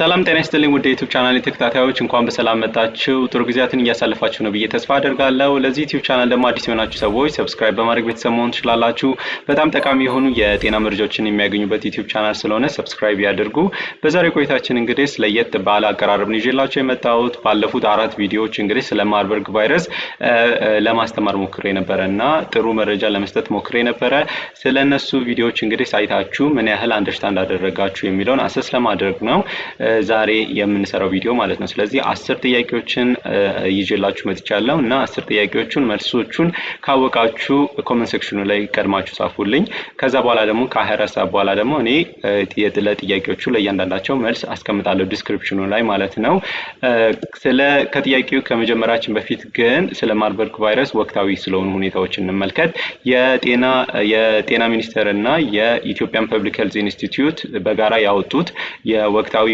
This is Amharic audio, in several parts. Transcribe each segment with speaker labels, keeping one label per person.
Speaker 1: ሰላም ጤና ይስጥልኝ ውድ የዩቲዩብ ቻናል ተከታታዮች እንኳን በሰላም መጣችሁ። ጥሩ ጊዜያትን እያሳለፋችሁ ነው ብዬ ተስፋ አደርጋለሁ። ለዚህ ዩቲዩብ ቻናል ደግሞ አዲስ የሆናችሁ ሰዎች ሰብስክራይብ በማድረግ ቤተሰብ መሆን ትችላላችሁ። በጣም ጠቃሚ የሆኑ የጤና መረጃዎችን የሚያገኙበት ዩቲዩብ ቻናል ስለሆነ ሰብስክራይብ ያድርጉ። በዛሬ ቆይታችን እንግዲህ ለየት ባለ አቀራረብ ይዤላቸው የመጣሁት ባለፉት አራት ቪዲዮዎች እንግዲህ ስለ ማርበርግ ቫይረስ ለማስተማር ሞክሬ ነበረ እና ጥሩ መረጃ ለመስጠት ሞክሬ ነበረ። ስለነሱ ቪዲዮዎች እንግዲህ ሳይታችሁ ምን ያህል አንደርስታንድ አደረጋችሁ የሚለውን አሰስ ለማድረግ ነው። ዛሬ የምንሰራው ቪዲዮ ማለት ነው። ስለዚህ አስር ጥያቄዎችን ይዤላችሁ መጥቻለሁ እና አስር ጥያቄዎቹን መልሶቹን ካወቃችሁ ኮመንት ሴክሽኑ ላይ ቀድማችሁ ጻፉልኝ። ከዛ በኋላ ደግሞ ከ በኋላ ደግሞ እኔ ለጥያቄዎቹ ለእያንዳንዳቸው መልስ አስቀምጣለሁ ዲስክሪፕሽኑ ላይ ማለት ነው። ስለ ከጥያቄው ከመጀመራችን በፊት ግን ስለ ማርበርግ ቫይረስ ወቅታዊ ስለሆኑ ሁኔታዎች እንመልከት። የጤና የጤና ሚኒስቴር እና የኢትዮጵያን ፐብሊክ ሄልዝ ኢንስቲትዩት በጋራ ያወጡት የወቅታዊ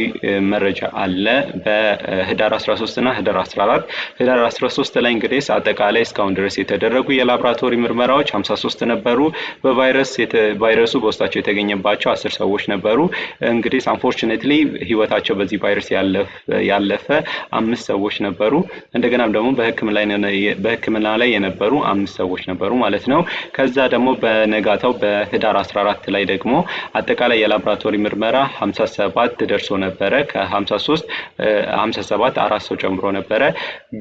Speaker 1: መረጃ አለ በህዳር 13 እና ህዳር 14። ህዳር 13 ላይ እንግዲህ አጠቃላይ እስካሁን ድረስ የተደረጉ የላብራቶሪ ምርመራዎች 53 ነበሩ። በቫይረስ ቫይረሱ በውስጣቸው የተገኘባቸው አስር ሰዎች ነበሩ። እንግዲህ አንፎርቹኔትሊ ህይወታቸው በዚህ ቫይረስ ያለፈ አምስት ሰዎች ነበሩ። እንደገናም ደግሞ በህክምና ላይ የነበሩ አምስት ሰዎች ነበሩ ማለት ነው። ከዛ ደግሞ በነጋታው በህዳር 14 ላይ ደግሞ አጠቃላይ የላብራቶሪ ምርመራ 57 ደርሶ ነበር። ነበረ ከ53 57 አራት ሰው ጨምሮ ነበረ።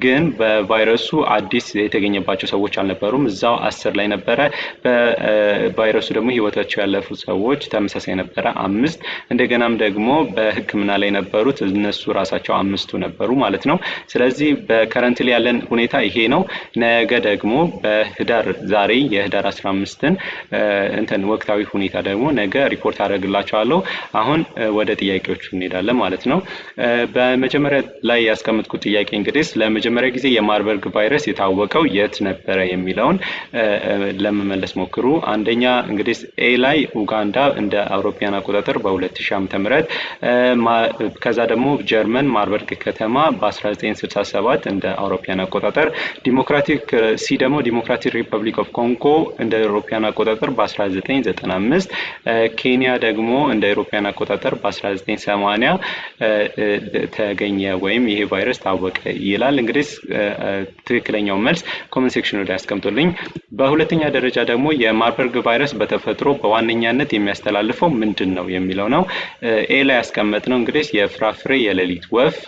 Speaker 1: ግን በቫይረሱ አዲስ የተገኘባቸው ሰዎች አልነበሩም። እዛው አስር ላይ ነበረ። በቫይረሱ ደግሞ ህይወታቸው ያለፉ ሰዎች ተመሳሳይ ነበረ አምስት። እንደገናም ደግሞ በህክምና ላይ ነበሩት እነሱ ራሳቸው አምስቱ ነበሩ ማለት ነው። ስለዚህ በከረንት ላይ ያለን ሁኔታ ይሄ ነው። ነገ ደግሞ በህዳር ዛሬ የህዳር 15ን እንትን ወቅታዊ ሁኔታ ደግሞ ነገ ሪፖርት አደርግላቸዋለሁ። አሁን ወደ ጥያቄዎቹ እንሄዳለን። ማለት ነው። በመጀመሪያ ላይ ያስቀምጥኩት ጥያቄ እንግዲህ ለመጀመሪያ ጊዜ የማርበርግ ቫይረስ የታወቀው የት ነበረ የሚለውን ለመመለስ ሞክሩ። አንደኛ እንግዲህ ኤ ላይ ኡጋንዳ እንደ አውሮፓያን አቆጣጠር በ2000 ዓ.ም ከዛ ደግሞ ጀርመን ማርበርግ ከተማ በ1967 እንደ አውሮፓያን አቆጣጠር፣ ዲሞክራቲክ ሲ ደግሞ ዲሞክራቲክ ሪፐብሊክ ኦፍ ኮንጎ እንደ አውሮፓያን አቆጣጠር በ1995፣ ኬንያ ደግሞ እንደ አውሮፓያን አቆጣጠር በ1980 ተገኘ ወይም ይሄ ቫይረስ ታወቀ ይላል። እንግዲህ ትክክለኛው መልስ ኮመን ሴክሽኑ ላይ ያስቀምጡልኝ። በሁለተኛ ደረጃ ደግሞ የማርበርግ ቫይረስ በተፈጥሮ በዋነኛነት የሚያስተላልፈው ምንድን ነው የሚለው ነው። ኤ ላይ ያስቀመጥ ነው እንግዲህ የፍራፍሬ የሌሊት ወፍ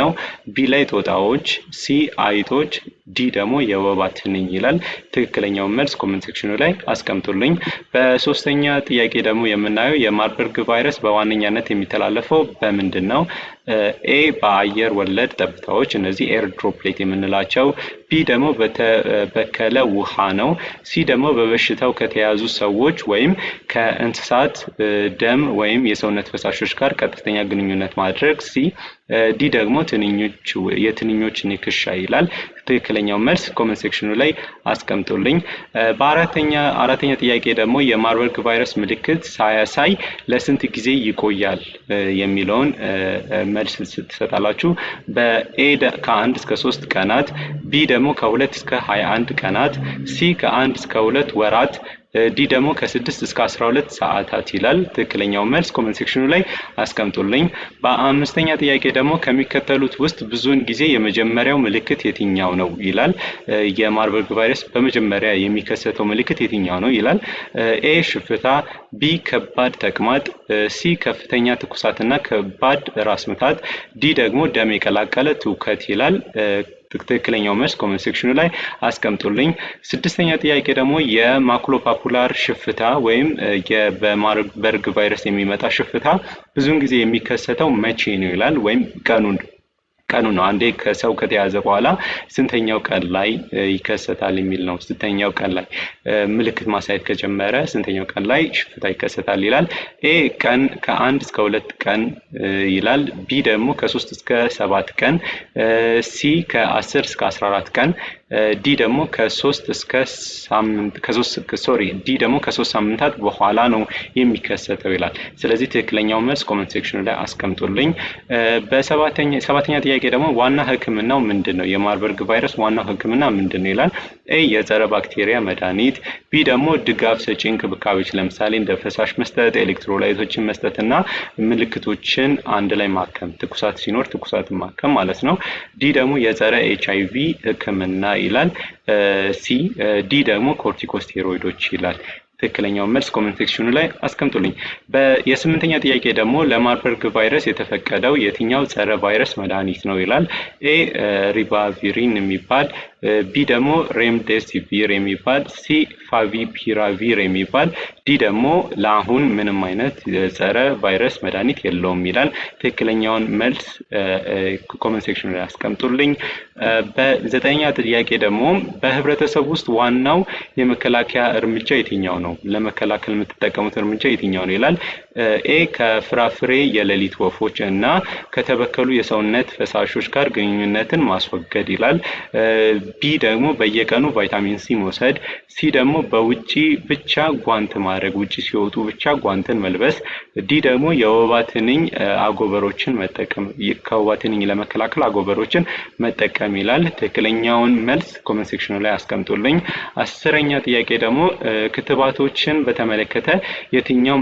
Speaker 1: ነው። ቢ ላይ ጦጣዎች፣ ሲ አይጦች ዲ ደግሞ የወባ ትንኝ ይላል። ትክክለኛውን መልስ ኮመንት ሴክሽኑ ላይ አስቀምጡልኝ። በሶስተኛ ጥያቄ ደግሞ የምናየው የማርበርግ ቫይረስ በዋነኛነት የሚተላለፈው በምንድን ነው? ኤ በአየር ወለድ ጠብታዎች፣ እነዚህ ኤር ድሮፕሌት የምንላቸው ቢ ደግሞ በተበከለ ውሃ ነው። ሲ ደግሞ በበሽታው ከተያዙ ሰዎች ወይም ከእንስሳት ደም ወይም የሰውነት ፈሳሾች ጋር ቀጥተኛ ግንኙነት ማድረግ። ሲ ዲ ደግሞ ትንኞች የትንኞች ንክሻ ይላል። ትክክለኛው መልስ ኮመንት ሴክሽኑ ላይ አስቀምጡልኝ። በአራተኛ አራተኛ ጥያቄ ደግሞ የማርበርግ ቫይረስ ምልክት ሳያሳይ ለስንት ጊዜ ይቆያል የሚለውን መልስ ስትሰጣላችሁ በኤ ከአንድ እስከ ሶስት ቀናት ቢ ደግሞ ደግሞ ከ2 እስከ 21 ቀናት፣ ሲ ከ1 እስከ 2 ወራት፣ ዲ ደግሞ ከ ከ6 እስከ 12 ሰዓታት ይላል። ትክክለኛው መልስ ኮመንት ሴክሽኑ ላይ አስቀምጡልኝ። በአምስተኛ ጥያቄ ደግሞ ከሚከተሉት ውስጥ ብዙውን ጊዜ የመጀመሪያው ምልክት የትኛው ነው ይላል። የማርበርግ ቫይረስ በመጀመሪያ የሚከሰተው ምልክት የትኛው ነው ይላል። ኤ ሽፍታ፣ ቢ ከባድ ተቅማጥ፣ ሲ ከፍተኛ ትኩሳትና ከባድ ራስ ምታት፣ ዲ ደግሞ ደም የቀላቀለ ትውከት ይላል። ትክክለኛው መልስ ኮመንት ሴክሽኑ ላይ አስቀምጡልኝ። ስድስተኛ ጥያቄ ደግሞ የማክሎፓፑላር ሽፍታ ወይም በማርበርግ ቫይረስ የሚመጣ ሽፍታ ብዙውን ጊዜ የሚከሰተው መቼ ነው ይላል ወይም ቀኑን ቀኑ ነው። አንዴ ከሰው ከተያዘ በኋላ ስንተኛው ቀን ላይ ይከሰታል የሚል ነው። ስንተኛው ቀን ላይ ምልክት ማሳየት ከጀመረ ስንተኛው ቀን ላይ ሽፍታ ይከሰታል ይላል። ኤ ቀን ከአንድ እስከ ሁለት ቀን ይላል። ቢ ደግሞ ከሶስት እስከ ሰባት ቀን፣ ሲ ከአስር እስከ አስራ አራት ቀን ዲ ደግሞ ከሶስት እስከ ሳምንት ከሶስት ሶሪ ዲ ደግሞ ከሶስት ሳምንታት በኋላ ነው የሚከሰተው ይላል። ስለዚህ ትክክለኛው መልስ ኮመንት ሴክሽኑ ላይ አስቀምጡልኝ። በሰባተኛ ሰባተኛ ጥያቄ ደግሞ ዋና ህክምናው ምንድን ነው? የማርበርግ ቫይረስ ዋናው ህክምና ምንድን ነው ይላል። ኤ የጸረ ባክቴሪያ መድኃኒት፣ ቢ ደግሞ ድጋፍ ሰጪ እንክብካቤዎች ለምሳሌ እንደ ፈሳሽ መስጠት፣ ኤሌክትሮላይቶችን መስጠትና ምልክቶችን አንድ ላይ ማከም፣ ትኩሳት ሲኖር ትኩሳት ማከም ማለት ነው። ዲ ደግሞ የጸረ ኤች አይ ቪ ሕክምና ይላል። ሲ ዲ ደግሞ ኮርቲኮስቴሮይዶች ይላል። ትክክለኛውን መልስ ኮመንት ሴክሽኑ ላይ አስቀምጡልኝ። የስምንተኛ ጥያቄ ደግሞ ለማርበርግ ቫይረስ የተፈቀደው የትኛው ጸረ ቫይረስ መድኃኒት ነው ይላል። ኤ ሪባቪሪን የሚባል ቢ ደግሞ ሬምዴሲቪር የሚባል ሲ ፋቪፒራቪር የሚባል ዲ ደግሞ ለአሁን ምንም አይነት ጸረ ቫይረስ መድኃኒት የለውም ይላል። ትክክለኛውን መልስ ኮመን ሴክሽን ላይ አስቀምጡልኝ። በዘጠኛ ጥያቄ ደግሞ በህብረተሰብ ውስጥ ዋናው የመከላከያ እርምጃ የትኛው ነው? ለመከላከል የምትጠቀሙት እርምጃ የትኛው ነው ይላል። ኤ ከፍራፍሬ የሌሊት ወፎች እና ከተበከሉ የሰውነት ፈሳሾች ጋር ግንኙነትን ማስወገድ ይላል። ቢ ደግሞ በየቀኑ ቫይታሚን ሲ መውሰድ። ሲ ደግሞ በውጪ ብቻ ጓንት ማድረግ፣ ውጪ ሲወጡ ብቻ ጓንትን መልበስ። ዲ ደግሞ የወባ ትንኝ አጎበሮችን መጠቀም፣ ከወባ ትንኝ ለመከላከል አጎበሮችን መጠቀም ይላል። ትክክለኛውን መልስ ኮመንት ሴክሽኑ ላይ አስቀምጡልኝ። አስረኛ ጥያቄ ደግሞ ክትባቶችን በተመለከተ የትኛው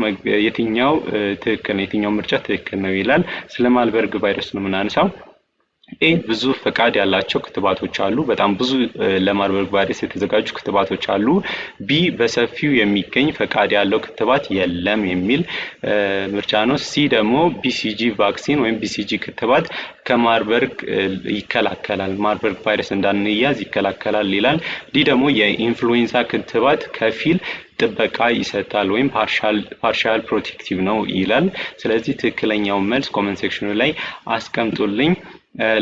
Speaker 1: የትኛው ትክክል ነው፣ የትኛው ምርጫ ትክክል ነው ይላል። ስለ ማልበርግ ቫይረስ ነው የምናነሳው። ብዙ ፈቃድ ያላቸው ክትባቶች አሉ። በጣም ብዙ ለማርበርግ ቫይረስ የተዘጋጁ ክትባቶች አሉ። ቢ በሰፊው የሚገኝ ፈቃድ ያለው ክትባት የለም የሚል ምርጫ ነው። ሲ ደግሞ ቢሲጂ ቫክሲን ወይም ቢሲጂ ክትባት ከማርበርግ ይከላከላል፣ ማርበርግ ቫይረስ እንዳንያዝ ይከላከላል ይላል። ዲ ደግሞ የኢንፍሉዌንዛ ክትባት ከፊል ጥበቃ ይሰጣል ወይም ፓርሻል ፕሮቴክቲቭ ነው ይላል። ስለዚህ ትክክለኛው መልስ ኮመንት ሴክሽኑ ላይ አስቀምጡልኝ።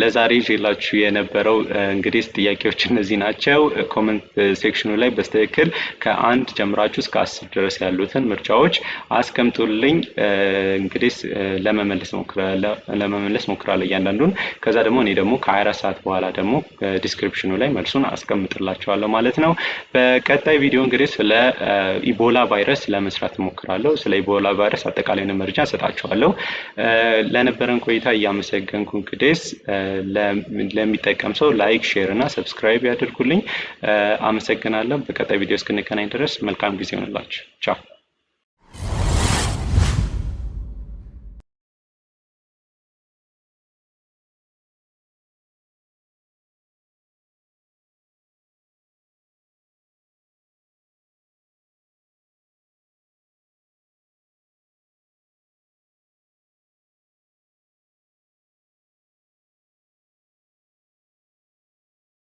Speaker 1: ለዛሬ ይዤላችሁ የነበረው እንግዲህ ጥያቄዎች እነዚህ ናቸው። ኮመንት ሴክሽኑ ላይ በስትክክል ከአንድ ጀምራችሁ እስከ አስር ድረስ ያሉትን ምርጫዎች አስቀምጡልኝ። እንግዲህ ለመመለስ ሞክራለሁ ለመመለስ እያንዳንዱን። ከዛ ደግሞ እኔ ደግሞ ከ24 ሰዓት በኋላ ደግሞ ዲስክሪፕሽኑ ላይ መልሱን አስቀምጥላችኋለሁ ማለት ነው። በቀጣይ ቪዲዮ እንግዲህ ስለ ኢቦላ ቫይረስ ለመስራት ሞክራለሁ። ስለ ኢቦላ ቫይረስ አጠቃላይ መረጃ እሰጣችኋለሁ። ለነበረን ቆይታ እያመሰገንኩ እንግዲህ ለሚጠቀም ሰው ላይክ፣ ሼር እና ሰብስክራይብ ያደርጉልኝ። አመሰግናለሁ። በቀጣይ ቪዲዮ እስክንገናኝ ድረስ መልካም ጊዜ ሆንላችሁ። ቻው